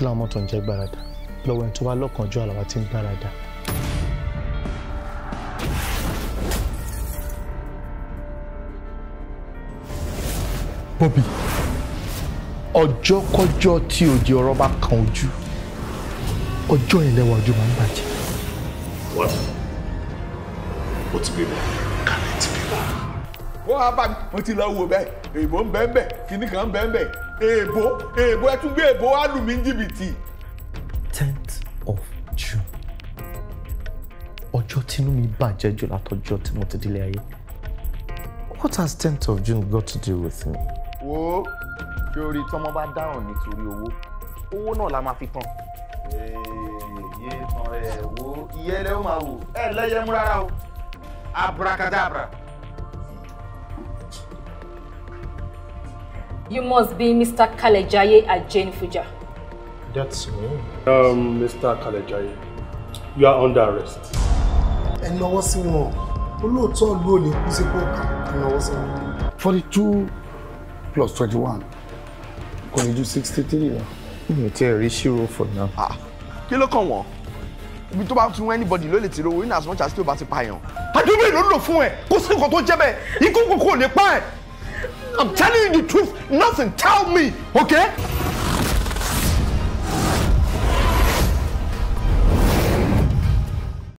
kí làwọn mọ́tò ń jẹ́ gbáradà lọ́wọ́ ẹni tó bá lọ́kànjú àlàwà tí ń gbáradà. Bobby ọjọ́kọ́jọ́ tí òjì ọ̀rọ̀ bá kan ojú ọjọ́ ìlẹ́wà ojú máa ń bàjẹ́. wọ́n mo ti bímọ kálẹ̀ ti bímọ kó wá bá mi mo ti lọ wò bẹ́ẹ̀ èèbó ń bẹ́ẹ̀ bẹ́ẹ̀ kinní kan ń bẹ́ẹ̀ bẹ́ẹ̀ èèbó èèbó ẹ tún gbé èèbó wá lù mí jìbìtì. tenth of June ọjọ́ tínú mi bàjẹ́ jù látọjọ́ tí mo ti délé ayé what has tenth of June got to do with me. wo sórí tọmọ bá dáhùn nítorí owó owó náà la máa fi tán. ìyẹ́ tán ẹ̀ wo ìyẹ́ lẹ́wọ̀n máa wò ẹ̀ lẹ́yẹ̀ mú rárá o abracadabra. You must be Mr. Kalejaye Ajane Fuja. That's me. Um, Mr. Kalejaye, you are under arrest. Ẹ lọ́wọ́ sí wọn. Olóòótọ́ ìlú òní kú sí kóòkà. Ẹ lọ́wọ́ sí wọn. Forty-two plus twenty-one kò do ju sixty-three lọ. Mi for now. Kí ló kàn wọ́n? ibi tó bá ti wọ́n anybody ló lè ti in as much as tí o bá ti pààyàn. àdúgbò ìlú lò fún ẹ kó sí nǹkan tó jẹ́ bẹ́ẹ̀ ikú kòkó ò lè I'm telling you the truth, nothing. Tell me, okay?